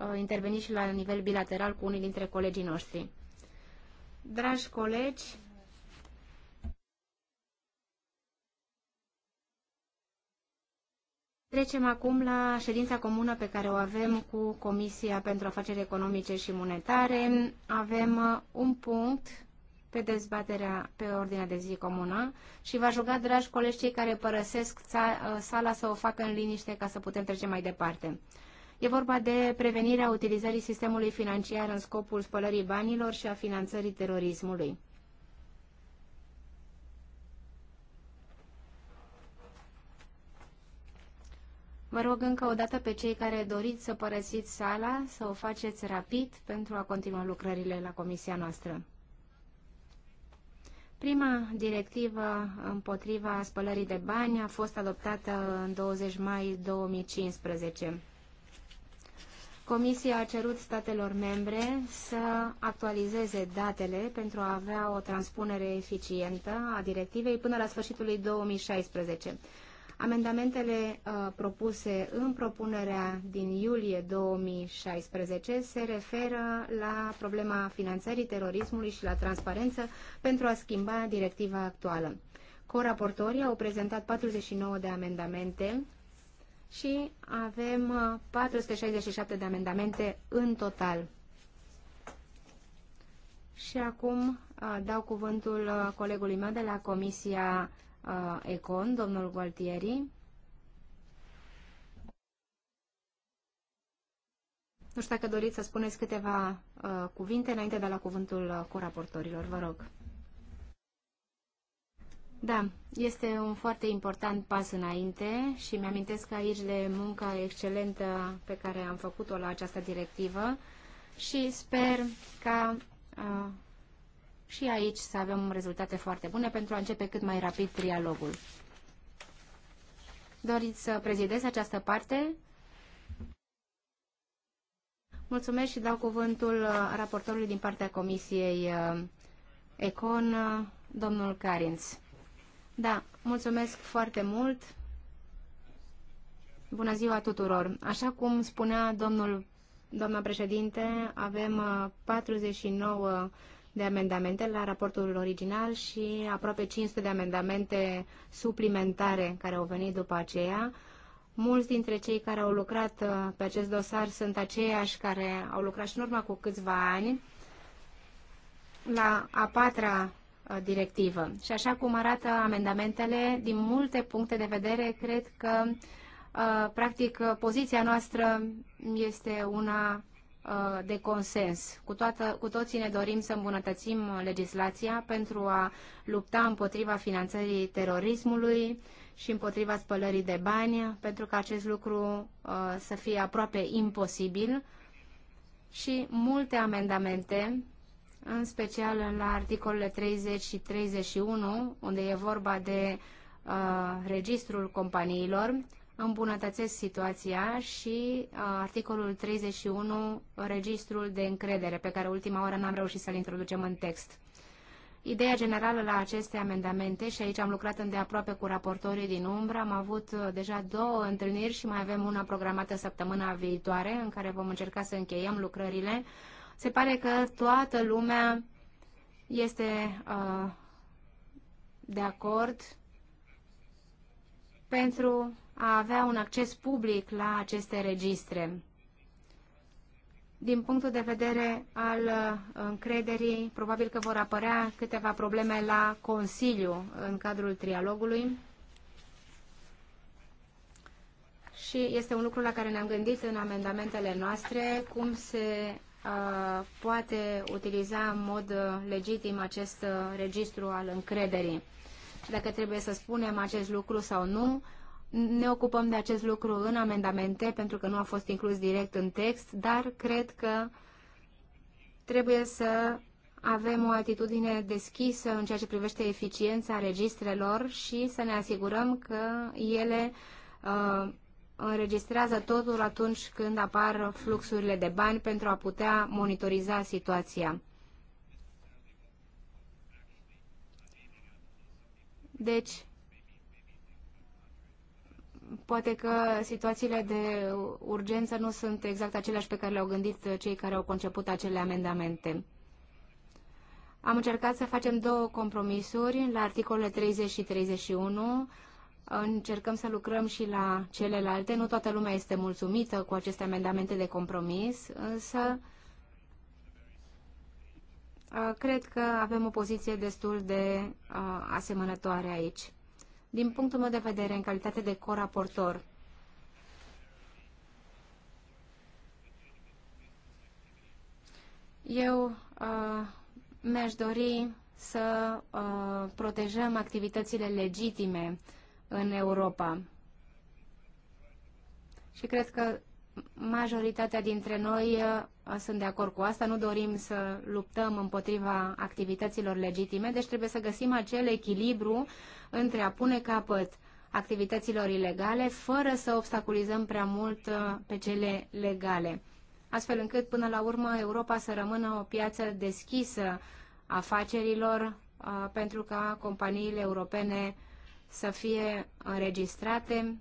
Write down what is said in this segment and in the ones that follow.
Uh, interveni și la nivel bilateral cu unii dintre colegii noștri. Dragi colegi, Trecem acum la ședința comună pe care o avem cu Comisia pentru Afaceri Economice și Monetare. Avem uh, un punct pe dezbaterea pe ordinea de zi comună și va ruga, dragi colegi, cei care părăsesc uh, sala să o facă în liniște ca să putem trece mai departe. E vorba de prevenirea utilizării sistemului financiar în scopul spălării banilor și a finanțării terorismului. Vă rog încă o dată pe cei care doriți să părăsiți sala să o faceți rapid pentru a continua lucrările la comisia noastră. Prima directivă împotriva spălării de bani a fost adoptată în 20 mai 2015. Comisia a cerut statelor membre să actualizeze datele pentru a avea o transpunere eficientă a directivei până la sfârșitul lui 2016. Amendamentele uh, propuse în propunerea din iulie 2016 se referă la problema finanțării terorismului și la transparență pentru a schimba directiva actuală. Coraportorii au prezentat 49 de amendamente și avem 467 uh, de amendamente în total. Și acum uh, dau cuvântul uh, colegului meu de la Comisia Econ, domnul Gualtieri. Nu știu dacă doriți să spuneți câteva uh, cuvinte înainte de la cuvântul uh, cu raportorilor, vă rog. Da, este un foarte important pas înainte și mi-amintesc aici de munca excelentă pe care am făcut-o la această directivă și sper ca a, uh, și aici să avem rezultate foarte bune pentru a începe cât mai rapid trialogul. Doriți să prezidez această parte? Mulțumesc și dau cuvântul uh, raportorului din partea Comisiei uh, Econ, domnul Carinț. Da, mulțumesc foarte mult. Bună ziua tuturor. Așa cum spunea domnul, doamna președinte, avem 49 uh, de amendamente la raportul original și aproape 500 de amendamente suplimentare care au venit după aceea. Mulți dintre cei care au lucrat uh, pe acest dosar sunt aceiași care au lucrat și în urmă cu câțiva ani la a patra Uh, directivă. Și așa cum arată amendamentele, din multe puncte de vedere, cred că, uh, practic, poziția noastră este una uh, de consens. Cu, toată, cu toții ne dorim să îmbunătățim legislația pentru a lupta împotriva finanțării terorismului și împotriva spălării de bani, pentru ca acest lucru să fie aproape imposibil. Și multe amendamente în special la articolele 30 și 31, unde e vorba de uh, registrul companiilor, îmbunătățesc situația și uh, articolul 31, registrul de încredere, pe care ultima oară n-am reușit să-l introducem în text. Ideea generală la aceste amendamente, și aici am lucrat îndeaproape cu raportorii din umbră, am avut uh, deja două întâlniri și mai avem una programată săptămâna viitoare, în care vom încerca să încheiem lucrările, uh, se pare că toată lumea este uh, de acord pentru a avea un acces public la aceste registre. Din punctul de vedere al uh, încrederii, probabil că vor apărea câteva probleme la Consiliu în cadrul trialogului. Și este un lucru la care ne-am gândit în amendamentele noastre, cum se Uh, poate utiliza în mod uh, legitim acest uh, registru al încrederii. Dacă trebuie să spunem acest lucru sau nu, ne ocupăm de acest lucru în amendamente pentru că nu a fost inclus direct în text, dar cred că trebuie să avem o atitudine deschisă în ceea ce privește eficiența registrelor și să ne asigurăm că ele uh, înregistrează totul atunci când apar fluxurile de bani pentru a putea monitoriza situația. Deci, poate că situațiile de urgență nu sunt exact aceleași pe care le-au gândit cei care au conceput acele amendamente. Am încercat să facem două compromisuri la articolele 30 și 31, Încercăm să lucrăm și la celelalte. Nu toată lumea este mulțumită cu aceste amendamente de compromis, însă cred că avem o poziție destul de asemănătoare aici. Din punctul meu de vedere, în calitate de coraportor, eu mi-aș dori să protejăm activitățile legitime în Europa. Și cred că majoritatea dintre noi uh, sunt de acord cu asta, nu dorim să luptăm împotriva activităților legitime, deci trebuie să găsim acel echilibru între a pune capăt activităților ilegale, fără să obstaculizăm prea mult uh, pe cele legale, astfel încât până la urmă Europa să rămână o piață deschisă afacerilor uh, pentru ca companiile europene să fie înregistrate,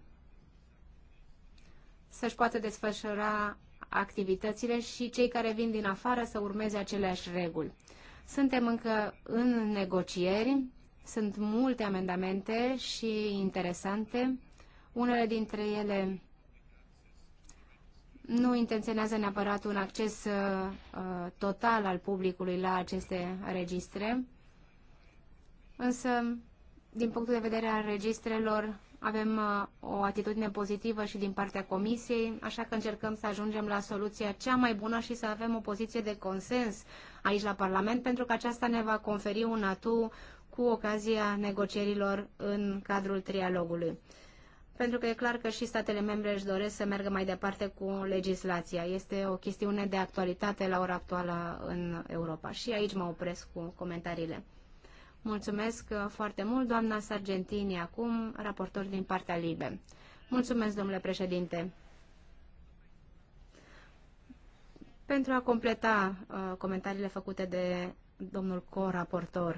să-și poată desfășura activitățile și cei care vin din afară să urmeze aceleași reguli. Suntem încă în negocieri, sunt multe amendamente și interesante. Unele dintre ele nu intenționează neapărat un acces uh, total al publicului la aceste registre, însă din punctul de vedere al registrelor, avem uh, o atitudine pozitivă și din partea Comisiei, așa că încercăm să ajungem la soluția cea mai bună și să avem o poziție de consens aici la Parlament, pentru că aceasta ne va conferi un atu cu ocazia negocierilor în cadrul trialogului. Pentru că e clar că și statele membre își doresc să meargă mai departe cu legislația. Este o chestiune de actualitate la ora actuală în Europa. Și aici mă opresc cu comentariile. Mulțumesc uh, foarte mult, doamna Sargentini, acum raportor din partea LIBE. Mulțumesc, domnule președinte. Pentru a completa uh, comentariile făcute de domnul co-raportor,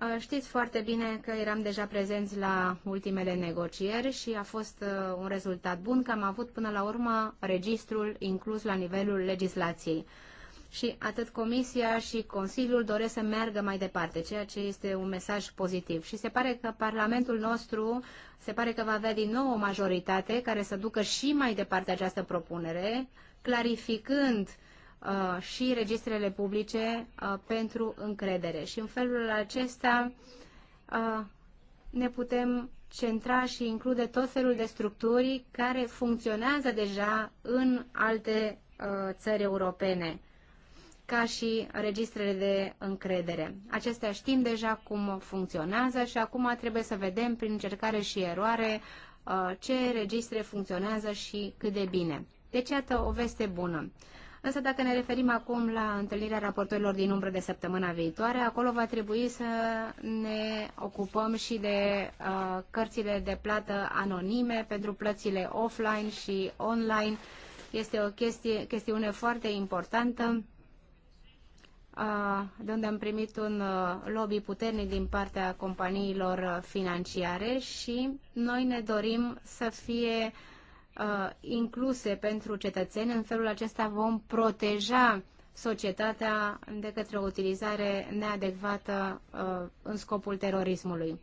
uh, știți foarte bine că eram deja prezenți la ultimele negocieri și a fost uh, un rezultat bun că am avut până la urmă registrul inclus la nivelul legislației și atât Comisia și Consiliul doresc să meargă mai departe, ceea ce este un mesaj pozitiv. Și se pare că Parlamentul nostru se pare că va avea din nou o majoritate care să ducă și mai departe această propunere, clarificând uh, și registrele publice uh, pentru încredere. Și în felul acesta uh, ne putem centra și include tot felul de structuri care funcționează deja în alte uh, țări europene ca și registrele de încredere. Acestea știm deja cum funcționează și acum trebuie să vedem prin încercare și eroare uh, ce registre funcționează și cât de bine. Deci, iată o veste bună. Însă dacă ne referim acum la întâlnirea raportorilor din umbră de săptămâna viitoare, acolo va trebui să ne ocupăm și de uh, cărțile de plată anonime pentru plățile offline și online. Este o chestie, chestiune foarte importantă de unde am primit un uh, lobby puternic din partea companiilor uh, financiare și noi ne dorim să fie uh, incluse pentru cetățeni. În felul acesta vom proteja societatea de către o utilizare neadecvată în scopul terorismului.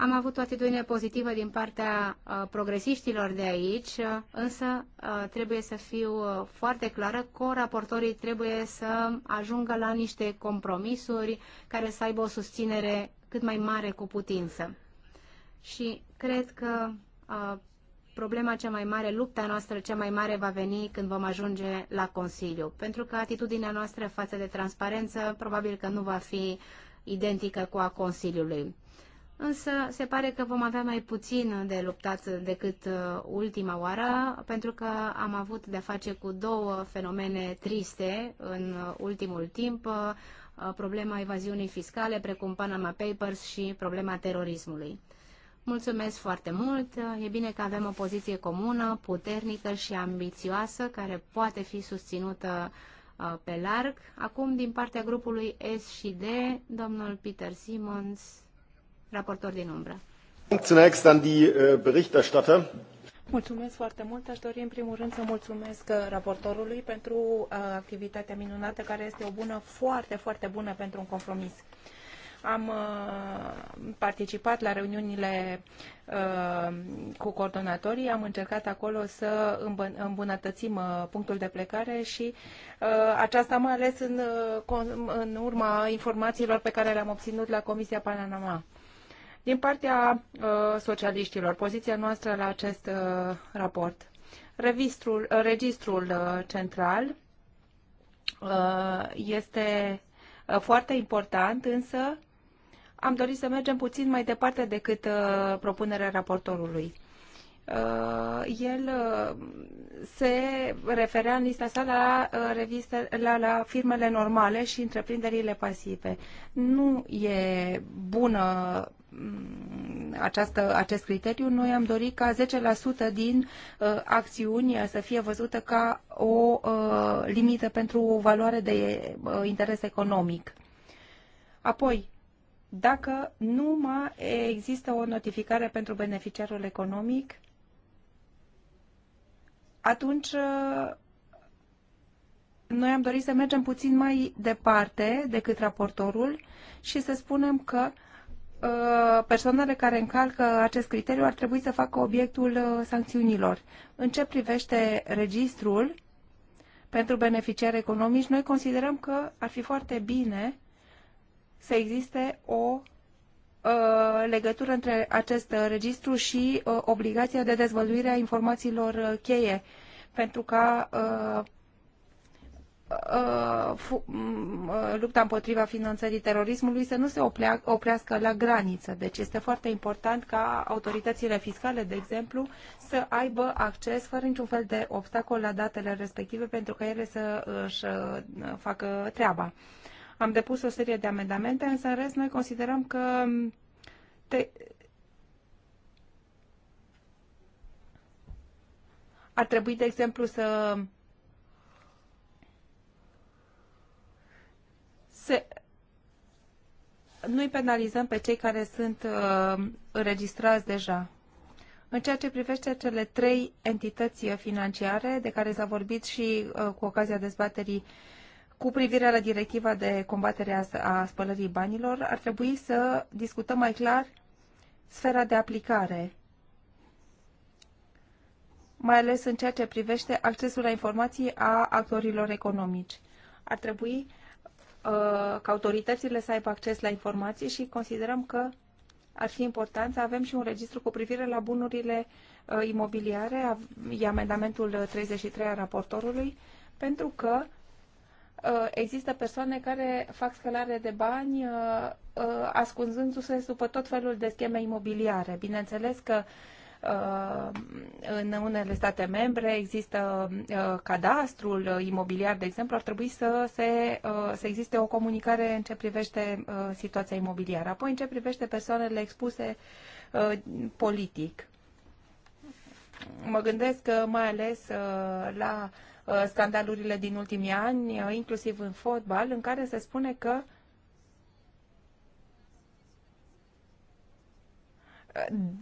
Am avut o atitudine pozitivă din partea uh, progresiștilor de aici, uh, însă uh, trebuie să fiu foarte clară că raportorii trebuie să ajungă la niște compromisuri care să aibă o susținere cât mai mare cu putință. Și cred că problema cea mai mare, lupta noastră cea mai mare va veni când vom ajunge la Consiliu, pentru că atitudinea noastră față de transparență probabil că nu va fi identică cu a Consiliului însă se pare că vom avea mai puțin de luptat decât uh, ultima oară, pentru că am avut de-a face cu două fenomene triste în uh, ultimul timp, uh, problema evaziunii fiscale, precum Panama Papers și problema terorismului. Mulțumesc foarte mult. E bine că avem o poziție comună, puternică și ambițioasă, care poate fi susținută pe larg. Acum, din partea grupului S și D, domnul Peter Simons raportor din umbră. Zunächst an die Berichterstatter. Mulțumesc foarte mult. Aș dori în primul rând să mulțumesc uh, raportorului pentru uh, activitatea minunată care este o bună, foarte, foarte bună pentru un compromis. Am uh, participat la reuniunile cu coordonatorii, am încercat acolo să îmbunătățim punctul de plecare și aceasta mai ales în, în urma informațiilor pe care le-am obținut la Comisia Panama din partea uh, socialiștilor, poziția noastră la acest uh, raport. Revistrul, registrul uh, central este foarte important, însă am dorit să mergem puțin mai departe decât propunerea raportorului el se referea în lista sa la, reviste, la, la firmele normale și întreprinderile pasive. Nu e bună Mm, această, acest criteriu, noi am dorit ca 10% din uh, acțiuni să fie văzută ca o uh, limită pentru o valoare de uh, interes economic. Apoi, dacă nu mai există o notificare pentru beneficiarul economic, atunci uh, noi am dorit să mergem puțin mai departe decât raportorul și să spunem că uh, Uh, persoanele care încalcă acest criteriu ar trebui să facă obiectul uh, sancțiunilor. În ce privește registrul pentru beneficiari economici, noi considerăm că ar fi foarte bine să existe o uh, legătură între acest registru și obligația de dezvăluire a informațiilor cheie pentru ca Uh, uh, lupta împotriva finanțării terorismului să nu se oprească la graniță. Deci este foarte important ca autoritățile fiscale, de exemplu, să aibă acces fără niciun fel de obstacol la datele respective pentru că ele să își uh, facă treaba. Am depus o serie de amendamente, însă în rest noi considerăm că um, te... ar trebui, de exemplu, să se, nu i penalizăm pe cei care sunt uh, înregistrați deja. În ceea ce privește cele trei entități financiare de care s-a vorbit și uh, cu ocazia dezbaterii cu privire la directiva de combatere a, a spălării banilor, ar trebui să discutăm mai clar sfera de aplicare, mai ales în ceea ce privește accesul la informații a actorilor economici. Ar trebui Uh, ca autoritățile să aibă acces la informații și considerăm că ar fi important să avem și un registru cu privire la bunurile uh, imobiliare, e amendamentul 33 a raportorului, pentru că uh, există persoane care fac scălare de bani ascunzându-se după tot felul de scheme imobiliare. Bineînțeles că Uh, în unele state membre există uh, cadastrul imobiliar, de exemplu, ar trebui să, se, uh, să existe o comunicare în ce privește situația imobiliară. Apoi, în ce privește persoanele expuse politic. Mă gândesc mai ales la scandalurile din ultimii ani, inclusiv în fotbal, în care se spune că uh,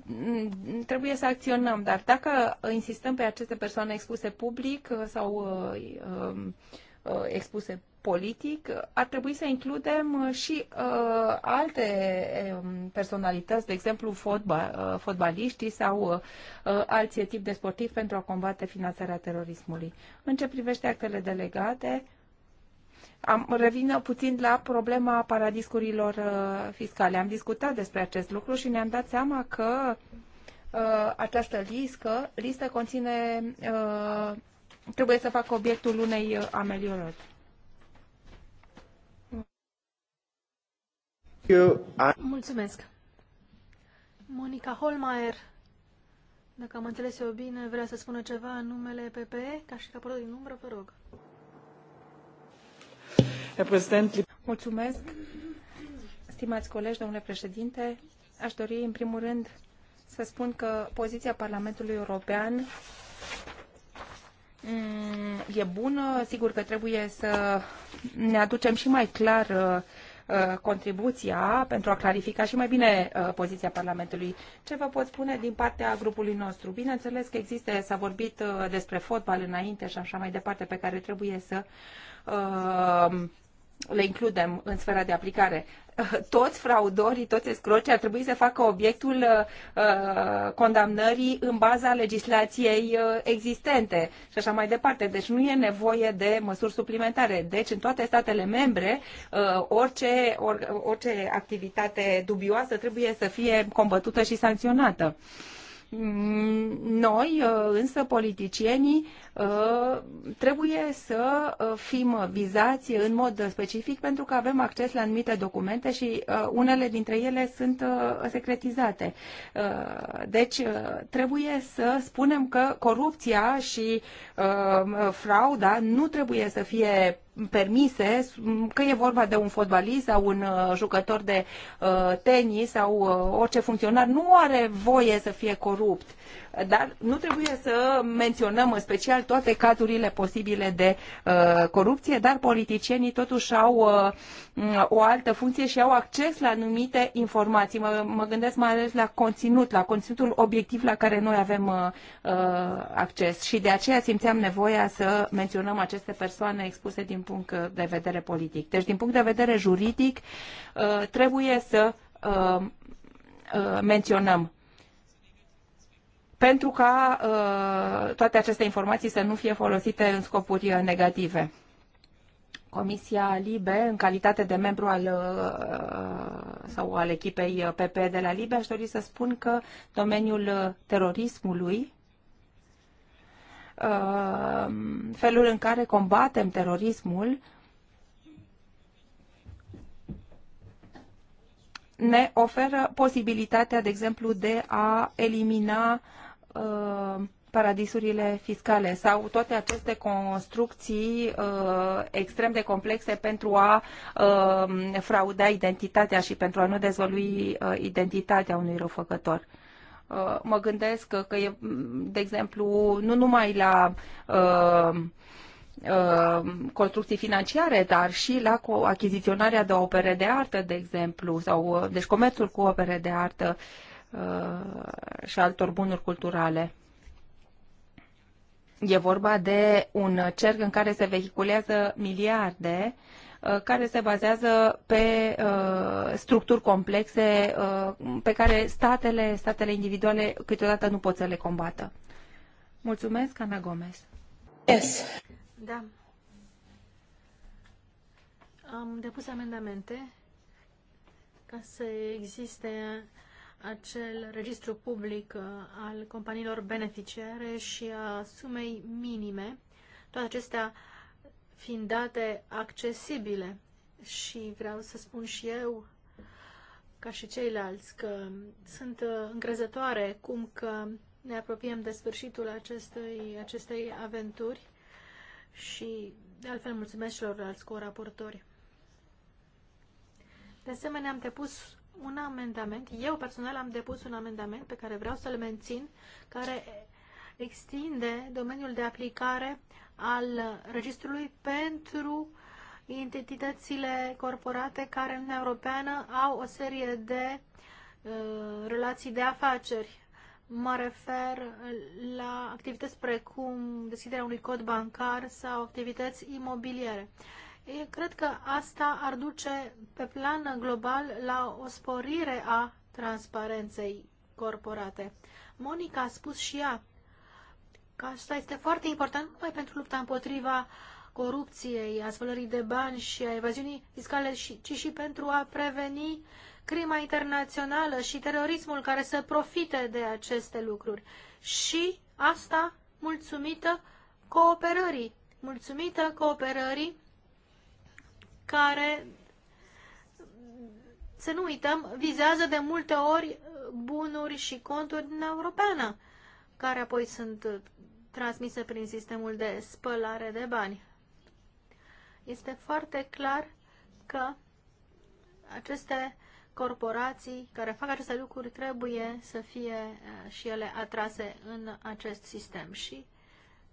Mm, trebuie să acționăm, dar dacă insistăm pe aceste persoane expuse public sau uh, um, uh, expuse politic, ar trebui să includem și uh, alte um, personalități, de exemplu fotba, uh, fotbaliștii sau uh, alții tip de sportivi pentru a combate finanțarea terorismului. În ce privește actele delegate, am, revin puțin la problema paradiscurilor uh, fiscale. Am discutat despre acest lucru și ne-am dat seama că uh, această listă, listă conține, uh, trebuie să facă obiectul unei uh, ameliorări. Mulțumesc. Monica Holmaier, dacă am înțeles eu bine, vrea să spună ceva în numele PPE, ca și raportul din umbră, vă rog. Mulțumesc. domnule președinte, aș dori în primul rând să spun că poziția Parlamentului European mm, e bună. Sigur că trebuie să ne aducem și mai clar uh, uh, contribuția pentru a clarifica și mai bine uh, poziția Parlamentului. Ce vă pot spune din partea grupului nostru? Bineînțeles că există, s-a vorbit despre fotbal înainte și așa mai departe, pe care trebuie să le includem în sfera de aplicare. Toți fraudorii, toți escrocii ar trebui să facă obiectul uh, condamnării în baza legislației uh, existente și așa mai departe. Deci nu e nevoie de măsuri suplimentare. Deci în toate statele membre, uh, orice, or, orice activitate dubioasă trebuie să fie combătută și sancționată. Mm, noi, uh, însă, politicienii, Uh, trebuie să uh, fim vizați în mod specific pentru că avem acces la anumite documente și uh, unele dintre ele sunt secretizate. Deci trebuie să spunem că corupția și frauda nu trebuie să fie permise, mm, că e vorba de un fotbalist sau un jucător de tenis sau orice funcționar, nu are voie să fie corupt dar nu trebuie să menționăm în special toate cazurile posibile de uh, corupție, dar politicienii totuși au uh, o altă funcție și au acces la anumite informații. Mă, mă gândesc mai ales la conținut, la conținutul obiectiv la care noi avem uh, uh acces și de aceea simțeam nevoia să menționăm aceste persoane expuse din punct de vedere politic. Deci din punct de vedere juridic uh, trebuie să uh, menționăm pentru ca uh, toate aceste informații să nu fie folosite în scopuri uh, negative. Comisia LIBE, în calitate de membru al, uh, sau al echipei PP uh, de la LIBE, aș dori să spun că domeniul terorismului, felul în care combatem terorismul, ne oferă posibilitatea, de exemplu, de a elimina uh, uh, paradisurile fiscale sau toate aceste construcții uh, extrem de complexe pentru a uh, frauda identitatea și pentru a nu dezvălui uh, identitatea unui răufăcător. Uh, mă gândesc că, că e, de exemplu, nu numai la uh, uh construcții financiare, dar și la achiziționarea de opere de artă, de exemplu, sau uh, deci comerțul cu opere de artă. Uh, Uh, și altor bunuri culturale. E vorba de un cerc în care se vehiculează miliarde uh, care se bazează pe uh, structuri complexe uh, pe care statele, statele individuale câteodată nu pot să le combată. Mulțumesc, Ana Gomez. Yes. Da. Am depus amendamente ca să existe acel registru public uh, al companiilor beneficiare și a sumei minime, toate acestea fiind date accesibile. Și vreau să spun și eu, ca și ceilalți, că sunt uh, încrezătoare cum că ne apropiem de sfârșitul acestei acestei aventuri și, de altfel, mulțumesc celorlalți co-raportori. De asemenea, am depus un amendament, eu personal am depus un amendament pe care vreau să-l mențin, care extinde domeniul de aplicare al registrului pentru entitățile corporate care în Uniunea Europeană au o serie de uh, relații de afaceri. Mă refer la activități precum deschiderea unui cod bancar sau activități imobiliere. Uh, Cred că asta ar duce pe plan global la o sporire a transparenței corporate. Monica a spus și ea că asta este foarte important numai pentru lupta împotriva corupției, a spălării de bani și a evaziunii fiscale, ci și pentru a preveni crima internațională și terorismul care să profite de aceste lucruri. Și asta mulțumită cooperării, mulțumită cooperării care, să nu uităm, vizează de multe ori bunuri și conturi din europeană, care apoi sunt transmise prin sistemul de spălare de bani. Este foarte clar că aceste corporații care fac aceste lucruri trebuie să fie uh, și ele atrase în acest sistem și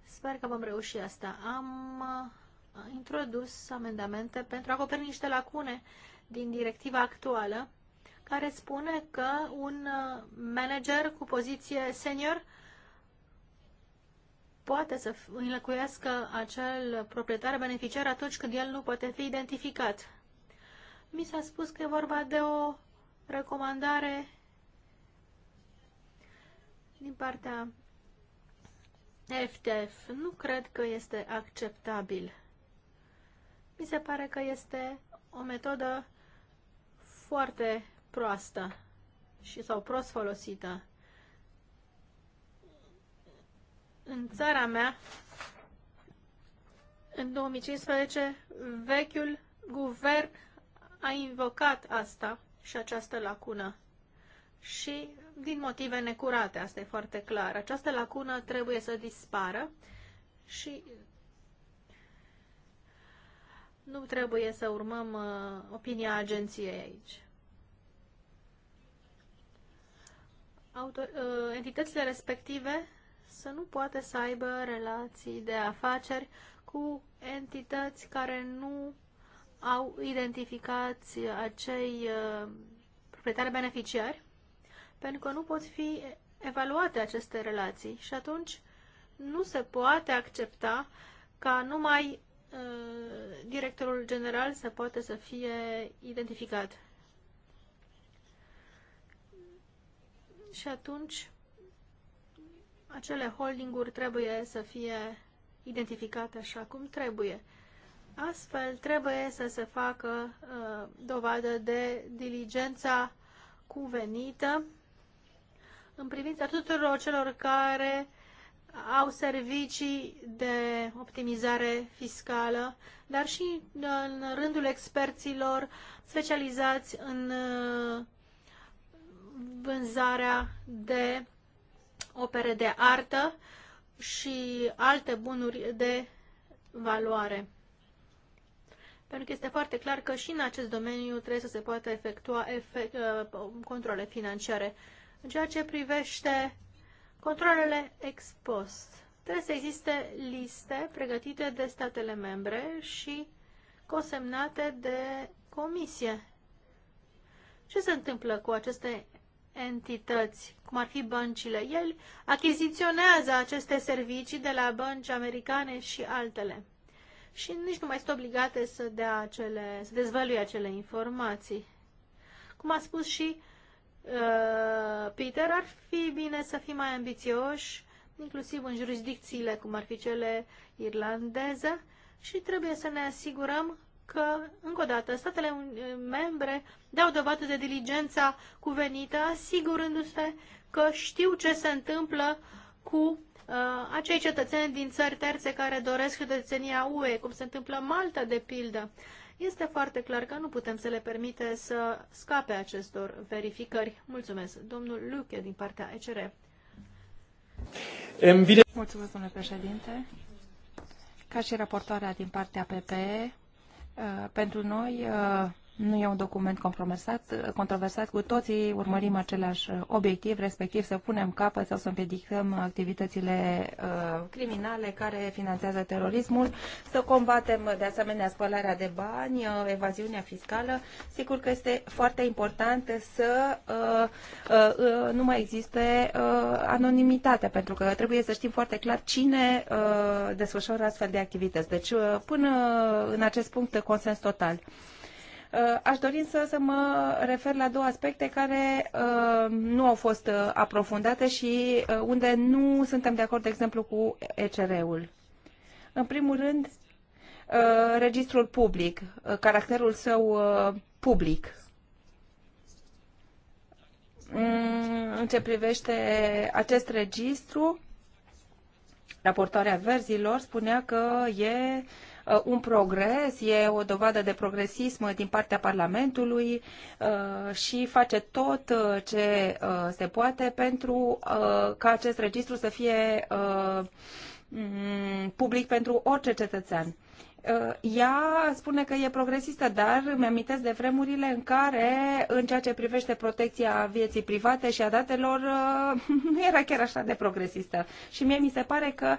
sper că vom reuși asta. Am uh, a introdus amendamente pentru a acoperi niște lacune din directiva actuală, care spune că un uh, manager cu poziție senior poate să înlocuiască acel proprietar beneficiar atunci când el nu poate fi identificat. Mi s-a spus că e vorba de o recomandare din partea FTF. Nu cred că este acceptabil mi se pare că este o metodă foarte proastă și sau prost folosită. În țara mea, în 2015, vechiul guvern a invocat asta și această lacună. Și din motive necurate, asta e foarte clar. Această lacună trebuie să dispară și nu trebuie să urmăm uh, opinia agenției aici. Autor, uh, entitățile respective să nu poate să aibă relații de afaceri cu entități care nu au identificat acei uh, proprietari beneficiari, pentru că nu pot fi evaluate aceste relații și atunci nu se poate accepta ca numai Uh, directorul general să poată să fie identificat. Și atunci, acele holdinguri trebuie să fie identificate așa cum trebuie. Astfel, trebuie să se facă uh, dovadă de diligența cuvenită în privința tuturor celor care au servicii de optimizare fiscală, dar și uh, în rândul experților specializați în uh, vânzarea de opere de artă și alte bunuri de valoare. Pentru că este foarte clar că și în acest domeniu trebuie să se poată efectua efect, uh, controle financiare. În ceea ce privește Controlele ex post. Trebuie să existe liste pregătite de statele membre și consemnate de comisie. Ce se întâmplă cu aceste entități, cum ar fi băncile? El achiziționează aceste servicii de la bănci americane și altele. Și nici nu mai sunt obligate să, dea acele, să dezvăluie acele informații. Cum a spus și Uh, Peter, ar fi bine să fim mai ambițioși, inclusiv în jurisdicțiile cum ar fi cele irlandeze, și trebuie să ne asigurăm că, încă o dată, statele membre dau dovadă de diligența cuvenită, asigurându-se că știu ce se întâmplă cu uh, acei cetățeni din țări terțe care doresc cetățenia UE, cum se întâmplă Malta, de pildă. Uh, este foarte clar că nu putem să le permite să scape acestor verificări. Mulțumesc, domnul Luche, din partea ECR. Mulțumesc, domnule președinte. Ca și raportoarea din partea PPE, uh, pentru noi uh, nu e un document compromisat, controversat, cu toții urmărim același uh, obiectiv, respectiv să punem capăt sau să împiedicăm activitățile uh, criminale care finanțează terorismul, să combatem uh, de asemenea spălarea de bani, uh, evaziunea fiscală. Sigur că este foarte important să uh, uh nu mai existe anonimitate, pentru că trebuie să știm foarte clar cine desfășoară astfel de activități. Deci, până în acest punct, consens total. Uh, aș dori să, să mă refer la două aspecte care uh, nu au fost uh, aprofundate și unde nu suntem de acord, de exemplu, cu ECR-ul. În primul rând, registrul public, caracterul său public, mm, în ce privește acest registru, raportarea verzilor spunea că e Uh, un progres, e o dovadă de progresism din partea Parlamentului uh, și face tot uh, ce se poate pentru ca acest registru să fie public pentru orice cetățean ea spune că e progresistă, dar îmi amintesc de vremurile în care, în ceea ce privește protecția vieții private și a datelor, nu era chiar așa de progresistă. Și mie mi se pare că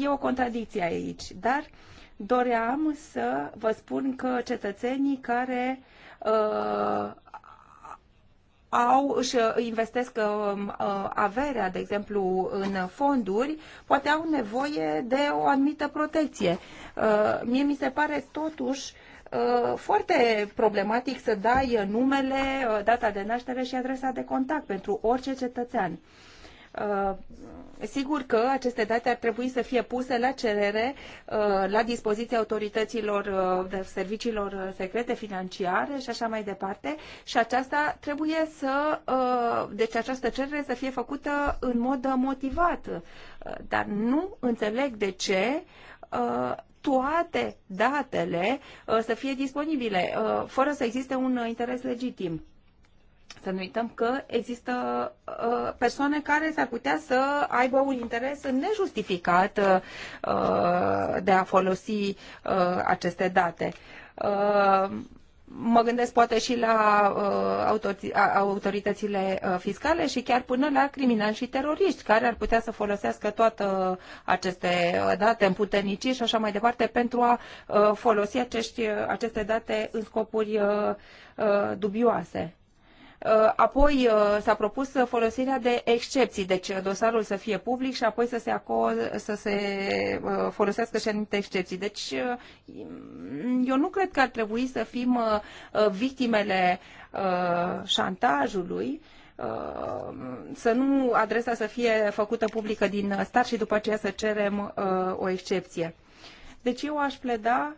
e o contradicție aici. Dar uh, doream să vă spun că cetățenii care uh, au, își uh, investesc uh, uh, averea, de exemplu, în fonduri, poate au nevoie de o anumită protecție. Uh, mie mi se pare totuși uh, foarte problematic să dai numele, data de naștere și adresa de contact pentru orice cetățean Sigur că aceste date ar trebui să fie puse la cerere uh, la dispoziția autorităților uh, de serviciilor secrete financiare și așa mai departe și aceasta trebuie să, uh, deci această cerere să fie făcută în mod motivat. Dar nu înțeleg de ce toate datele să fie disponibile, fără să existe un interes legitim. Să nu uităm că există uh, persoane care s-ar putea să aibă un interes nejustificat uh, de a folosi uh, aceste date. Uh, mă gândesc poate și la uh, autoritățile uh, fiscale și chiar până la criminali și teroriști care ar putea să folosească toate aceste uh, date împuternicii și așa mai departe pentru a uh, folosi acești, uh, aceste date în scopuri uh, dubioase. Uh, apoi uh, s-a propus folosirea de excepții, deci uh, dosarul să fie public și apoi să se, aco- să se folosească și anumite excepții. Deci eu nu cred că ar trebui să fim victimele șantajului, să nu adresa să fie făcută publică din start și după aceea să cerem o excepție. Deci eu aș pleda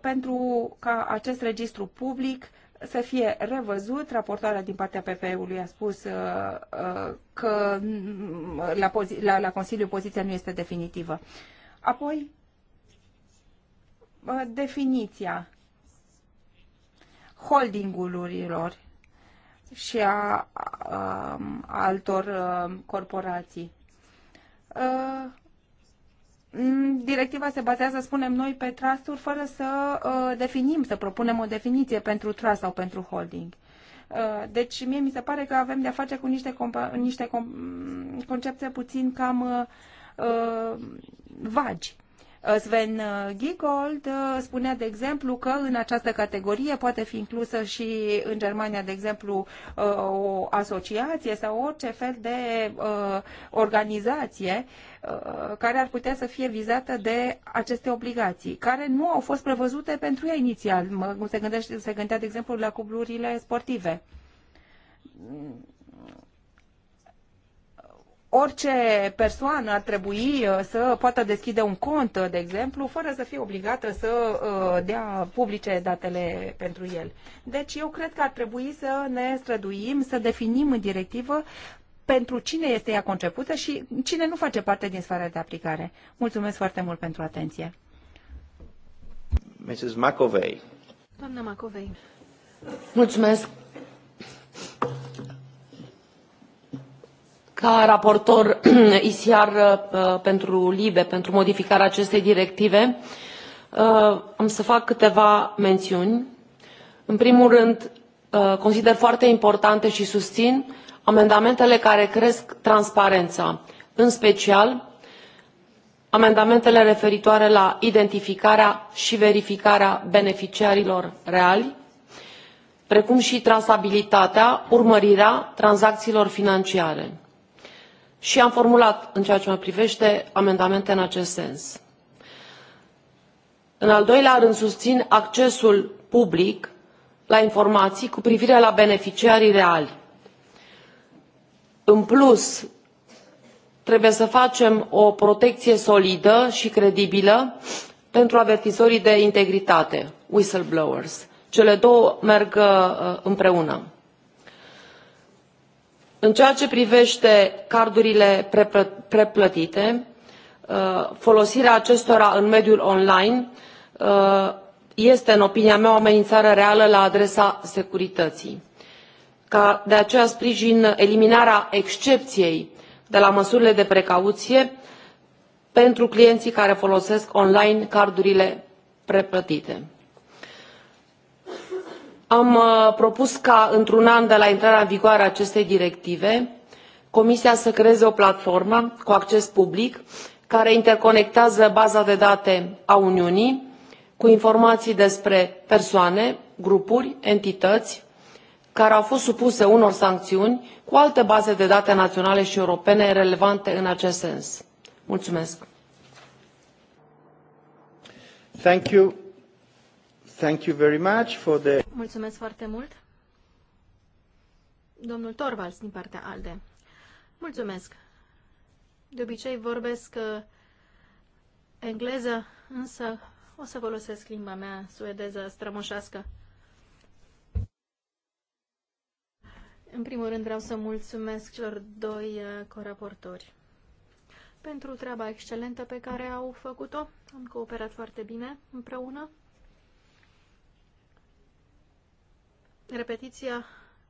pentru ca acest registru public să fie revăzut. Raportoarea din partea PPE-ului a spus uh, uh, că mm, la, la, la Consiliu poziția nu este definitivă. Apoi, uh, definiția holdingurilor și a, a, a um, altor a, uh, corporații. Uh, directiva se bazează, spunem noi, pe trusturi fără să uh, definim, să propunem o definiție pentru trust sau pentru holding. Uh, deci mie mi se pare că avem de-a face cu niște, niște concepte puțin cam uh, uh vagi. Uh, Sven uh, Giegold uh, spunea, de exemplu, că în această categorie poate fi inclusă și în Germania, de exemplu, o asociație sau orice fel de organizație care ar putea să fie vizată de aceste obligații, care nu au fost prevăzute pentru ea inițial. Se, gândește, se gândea, de exemplu, la cuplurile sportive orice persoană ar trebui uh, să poată deschide un cont, uh, de exemplu, fără să fie obligată să uh, dea publice datele pentru el. Deci eu cred că ar trebui să ne străduim, să definim în directivă pentru cine este ea concepută și cine nu face parte din sfera de aplicare. Mulțumesc foarte mult pentru atenție. Mrs. McAvey. Doamna McAvey. Mulțumesc. ca raportor ecr uh, pentru LIBE, pentru modificarea acestei directive, uh, am să fac câteva mențiuni. În primul rând, uh, consider foarte importante și susțin amendamentele care cresc transparența, în special amendamentele referitoare la identificarea și verificarea beneficiarilor reali, precum și trasabilitatea, urmărirea tranzacțiilor financiare și am formulat în ceea ce mă privește amendamente în acest sens. în al doilea rând susțin accesul public la informații cu privire la beneficiarii reali. în plus trebuie să facem o protecție solidă și credibilă pentru avertizorii de integritate whistleblowers. cele două merg uh, împreună în ceea ce privește cardurile preplătite uh, folosirea acestora în mediul online uh, este în opinia mea o amenințare reală la adresa securității. Ca de aceea sprijin eliminarea excepției de la măsurile de precauție pentru clienții care folosesc online cardurile preplătite am uh, propus ca într un an de la intrarea în vigoare a acestei directive comisia să creeze o platformă cu acces public care interconectează baza de date a uniunii cu informații despre persoane grupuri entități care au fost supuse unor sancțiuni cu alte baze de date naționale și europene relevante în acest sens. mulțumesc. Thank you very much for the... Mulțumesc foarte mult. Domnul Torvalds din partea ALDE. Mulțumesc. De obicei vorbesc uh, engleză, însă o să folosesc limba mea suedeză strămoșească. În primul rând vreau să mulțumesc celor doi uh, coraportori pentru treaba excelentă pe care au făcut-o. Am cooperat foarte bine împreună. repetiția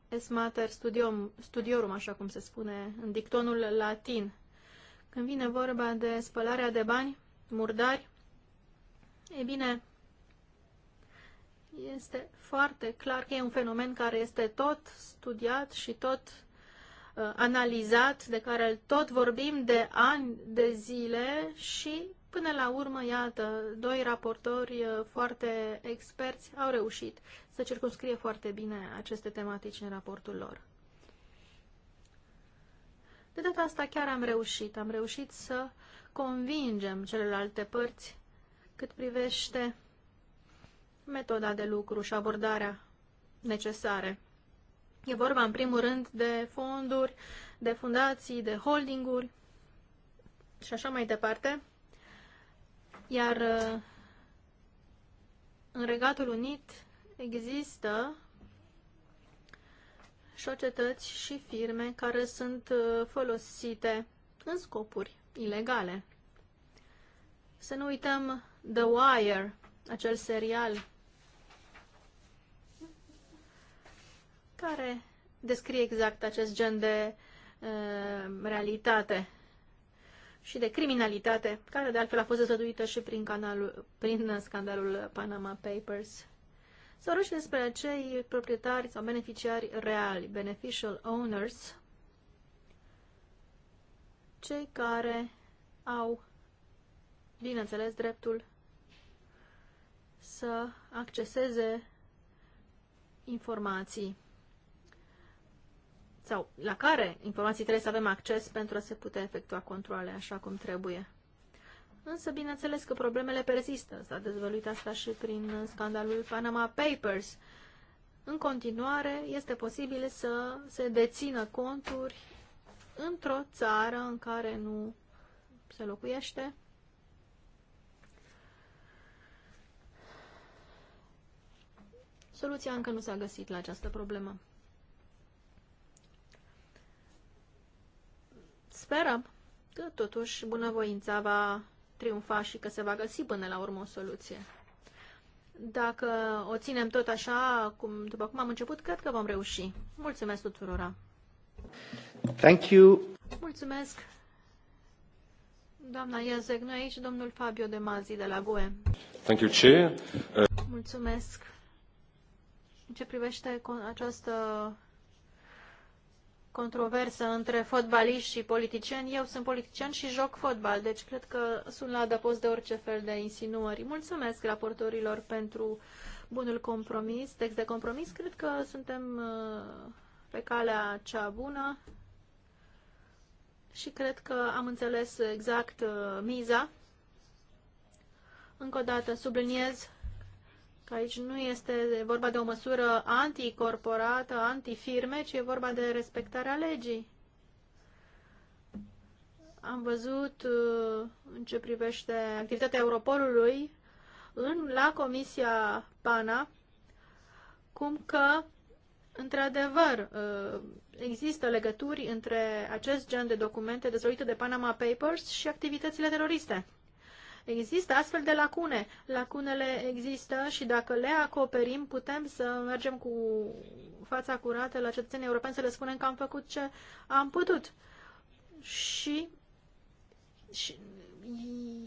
es mater studium, studiorum, așa cum se spune, în dictonul latin. Când vine vorba de spălarea de bani, murdari, e bine, este foarte clar că e un fenomen care este tot studiat și tot uh, analizat, de care tot vorbim de ani, de zile și Până la urmă, iată, doi raportori uh, foarte experți au reușit să circunscrie foarte bine aceste tematici în raportul lor. De data asta chiar am reușit. Am reușit să convingem celelalte părți cât privește metoda de lucru și abordarea necesare. E vorba, în primul rând, de fonduri, de fundații, de holdinguri și așa mai departe. Iar uh, în Regatul Unit există societăți și firme care sunt uh, folosite în scopuri ilegale. Să nu uităm The Wire, acel serial care descrie exact acest gen de uh, realitate și de criminalitate, care de altfel a fost dezvăduită și prin, canalul, prin scandalul Panama Papers. Să vorbim despre acei proprietari sau beneficiari reali, beneficial owners, cei care au, bineînțeles, dreptul să acceseze informații sau la care informații trebuie să avem acces pentru a se putea efectua controle așa cum trebuie. Însă, bineînțeles că problemele persistă. S-a dezvăluit asta și prin scandalul Panama Papers. În continuare, este posibil să se dețină conturi într-o țară în care nu se locuiește. Soluția încă nu s-a găsit la această problemă. Sperăm că totuși bunăvoința va triumfa și că se va găsi până la urmă o soluție. Dacă o ținem tot așa, cum, după cum am început, cred că vom reuși. Mulțumesc tuturora! Thank you! Mulțumesc! Doamna Iezec, noi aici domnul Fabio De Mazi de la GUE. Thank you, Chair. Uh, Mulțumesc! În ce privește această controversă între fotbaliști și politicieni. Eu sunt politician și joc fotbal, deci cred că sunt la adăpost de orice fel de insinuări. Mulțumesc raportorilor pentru bunul compromis, text de compromis. Cred că suntem uh, pe calea cea bună și cred că am înțeles exact uh, miza. Încă o dată subliniez că aici nu este vorba de o măsură anticorporată, antifirme, ci e vorba de respectarea legii. Am văzut uh, în ce privește activitatea Europolului în, la Comisia PANA, cum că, într-adevăr, uh, există legături între acest gen de documente dezvoltate de Panama Papers și activitățile teroriste. Există astfel de lacune. Lacunele există și dacă le acoperim, putem să mergem cu fața curată la cetățenii europeni să le spunem că am făcut ce am putut. Și, și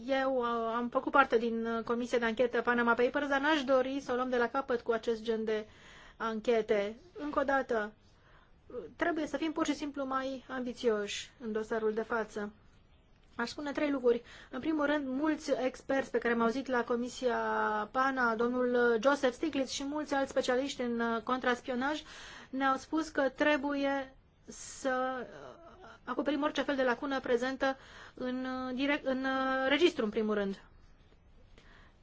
eu am făcut parte din comisia de anchetă Panama Papers, dar n-aș dori să o luăm de la capăt cu acest gen de anchete. Încă o dată, trebuie să fim pur și simplu mai ambițioși în dosarul de față. Aș spune trei lucruri. În primul rând, mulți experți pe care am auzit la Comisia PANA, domnul Joseph Stiglitz și mulți alți specialiști în uh, contraspionaj, ne-au spus că trebuie să uh, acoperim orice fel de lacună prezentă în, uh, direct, în registru, în primul rând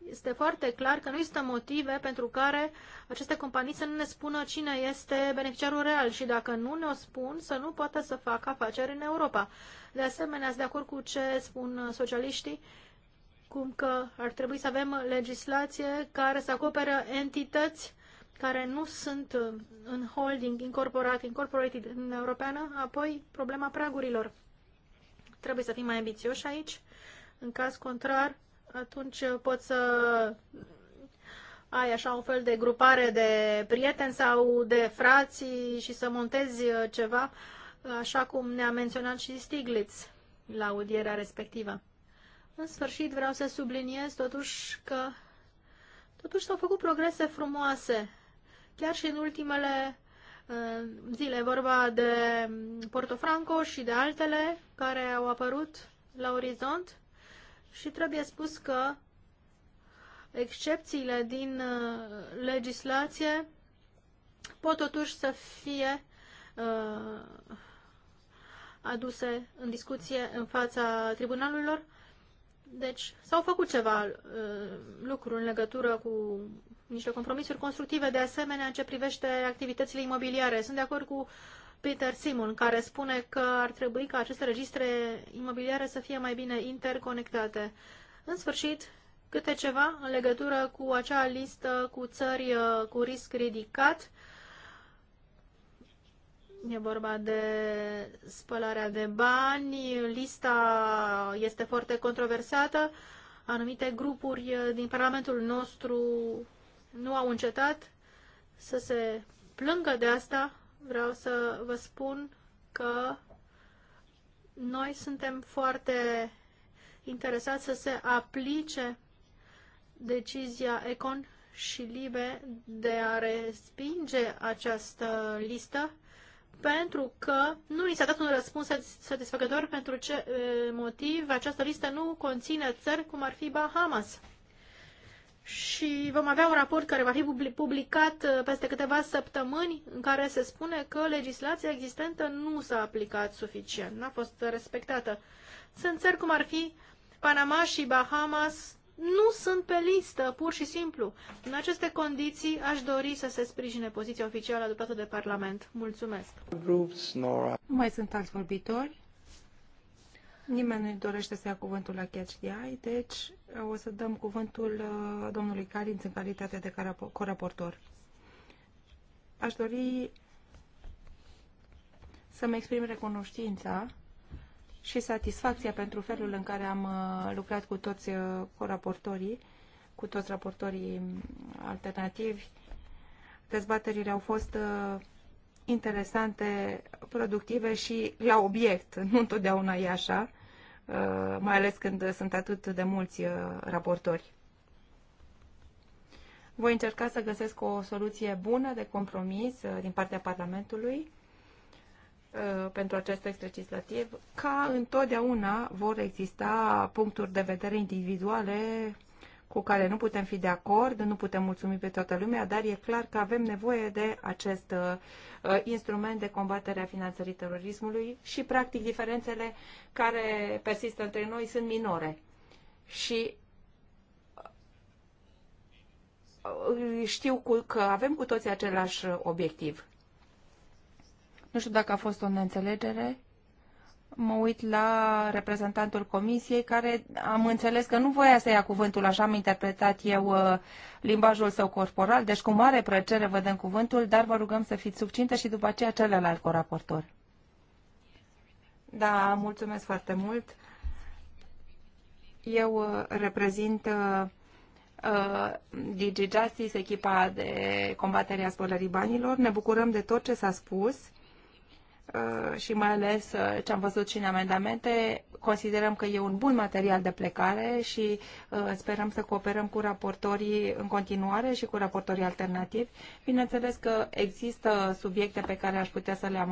este foarte clar că nu există motive pentru care aceste companii să nu ne spună cine este beneficiarul real și dacă nu ne-o spun, să nu poată să facă afaceri în Europa. De asemenea, sunt de acord cu ce spun socialiștii, cum că ar trebui să avem legislație care să acopere entități care nu sunt în holding, incorporate, incorporated în Europeană, apoi problema pragurilor. Trebuie să fim mai ambițioși aici. În caz contrar, atunci uh, poți să ai așa un fel de grupare de prieteni sau de frații și să montezi uh, ceva, așa cum ne-a menționat și Stiglitz la audierea respectivă. În sfârșit vreau să subliniez totuși că totuși s-au făcut progrese frumoase, chiar și în ultimele uh, zile, vorba de Portofranco și de altele care au apărut la orizont și trebuie spus că excepțiile din uh, legislație pot totuși să fie uh, aduse în discuție în fața tribunalurilor. Deci s-au făcut ceva uh, lucruri în legătură cu niște compromisuri constructive de asemenea în ce privește activitățile imobiliare. Sunt de acord cu Peter Simon, care spune că ar trebui ca aceste registre imobiliare să fie mai bine interconectate. În sfârșit, câte ceva în legătură cu acea listă cu țări uh, cu risc ridicat. E vorba de spălarea de bani, lista este foarte controversată, anumite grupuri uh, din Parlamentul nostru nu au încetat să se plângă de asta, vreau să vă spun că noi suntem foarte interesați să se aplice decizia Econ și Libe de a respinge această listă pentru că nu ni s-a dat un răspuns satisfăcător pentru ce eh, motiv această listă nu conține țări cum ar fi Bahamas și vom avea un raport care va fi publicat uh, peste câteva săptămâni în care se spune că legislația existentă nu s-a aplicat suficient, nu a fost respectată. Sunt țări cum ar fi Panama și Bahamas, nu sunt pe listă, pur și simplu. În aceste condiții aș dori să se sprijine poziția oficială adoptată de Parlament. Mulțumesc. Mai sunt alți vorbitori? Nimeni nu dorește să ia cuvântul la Catch the Eye, deci uh, o să dăm cuvântul uh, domnului Carinț în calitate de coraportor. Aș dori să-mi exprim recunoștința și satisfacția pentru felul în care am uh, lucrat cu toți coraportorii, cu toți raportorii mm, alternativi. Dezbaterile au fost interesante, productive și la obiect. Nu întotdeauna e așa. Uh, mai ales când sunt atât de mulți uh, raportori. Voi încerca să găsesc o soluție bună de compromis uh, din partea Parlamentului pentru acest text legislativ, ca întotdeauna vor exista puncturi de vedere individuale cu care nu putem fi de acord, nu putem mulțumi pe toată lumea, dar e clar că avem nevoie de acest uh, instrument de combatere a finanțării terorismului și, practic, diferențele care persistă între noi sunt minore. Și uh, știu cu, că avem cu toții același obiectiv. Nu știu dacă a fost o neînțelegere mă uit la reprezentantul comisiei, care am înțeles că nu voia să ia cuvântul, așa am interpretat eu uh, limbajul său corporal, deci cu mare plăcere vă dăm cuvântul, dar vă rugăm să fiți subcintă și după aceea celălalt coraportor. Da, mulțumesc foarte mult. Eu uh, reprezint uh, uh DigiJustice, echipa de combatere a spălării banilor. Ne bucurăm de tot ce s-a spus Uh, și mai ales uh, ce am văzut și în amendamente, considerăm că e un bun material de plecare și uh, sperăm să cooperăm cu raportorii în continuare și cu raportorii alternativi. Bineînțeles că există subiecte pe care aș putea să le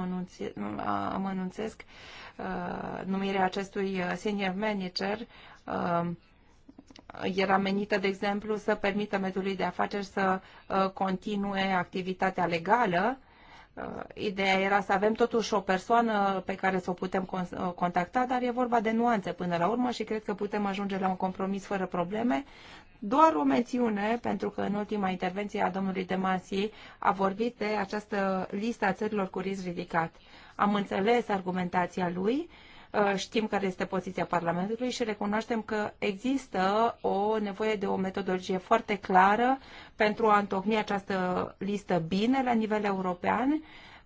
amănunțesc. Numirea acestui senior manager era menită, de exemplu, să permită mediului de afaceri să continue activitatea legală Uh, ideea era să avem totuși o persoană pe care să o putem uh, contacta, dar e vorba de nuanțe până la urmă și cred că putem ajunge la un compromis fără probleme. Doar o mențiune, pentru că în ultima intervenție a domnului Demasi a vorbit de această listă a țărilor cu risc ridicat. Am înțeles argumentația lui, uh, Uh, știm care este poziția Parlamentului și recunoaștem că există o nevoie de o metodologie foarte clară pentru a întocmi această listă bine la nivel european.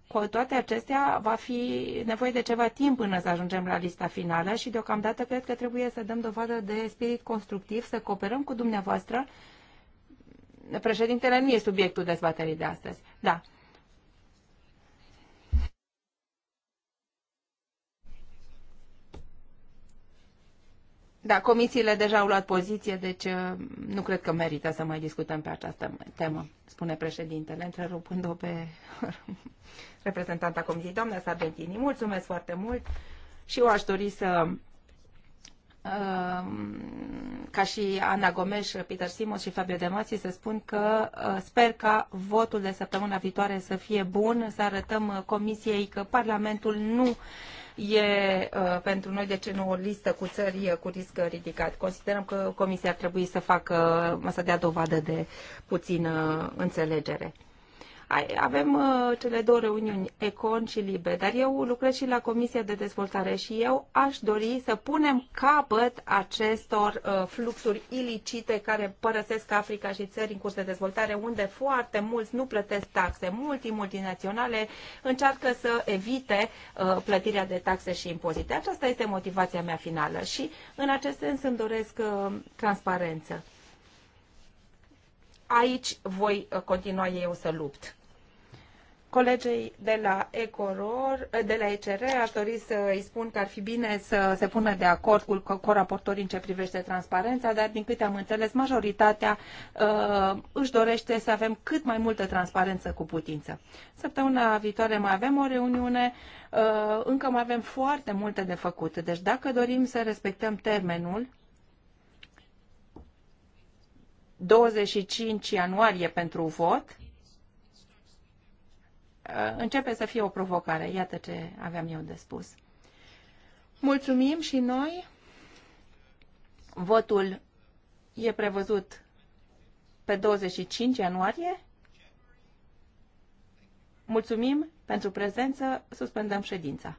Cu toate acestea, va fi nevoie de ceva timp până să ajungem la lista finală și deocamdată cred că trebuie să dăm dovadă de spirit constructiv, să cooperăm cu dumneavoastră. Președintele nu e subiectul dezbaterii de astăzi. Da, Da, comisiile deja au luat poziție, deci uh, nu cred că merită să mai discutăm pe această temă, spune președintele, întrerupând-o pe reprezentanta comisiei. Doamna Sargentini, mulțumesc foarte mult și eu aș dori să Um, ca și Ana Gomes, Peter Simos și Fabio De să spun că uh, sper ca votul de săptămâna viitoare să fie bun, să arătăm uh, Comisiei că Parlamentul nu e uh, pentru noi, de ce nu o listă cu țări cu risc ridicat. Considerăm că Comisia ar trebui să facă, să dea dovadă de puțină înțelegere. Avem uh, cele două reuniuni, Econ și Libe, dar eu lucrez și la Comisia de Dezvoltare și eu aș dori să punem capăt acestor uh, fluxuri ilicite care părăsesc Africa și țări în curs de dezvoltare, unde foarte mulți nu plătesc taxe. Multi multinaționale încearcă să evite uh, plătirea de taxe și impozite. Aceasta este motivația mea finală și în acest sens îmi doresc transparență aici voi continua eu să lupt. Colegei de la, Ecoror, de la ECR aș dori să îi spun că ar fi bine să se pună de acord cu coraportorii în ce privește transparența, dar din câte am înțeles, majoritatea uh, își dorește să avem cât mai multă transparență cu putință. Săptămâna viitoare mai avem o reuniune, uh, încă mai avem foarte multe de făcut. Deci dacă dorim să respectăm termenul, 25 ianuarie pentru vot, Uh, începe să fie o provocare. Iată ce aveam eu de spus. Mulțumim și noi. Votul e prevăzut pe 25 ianuarie. Mulțumim pentru prezență. Suspendăm ședința.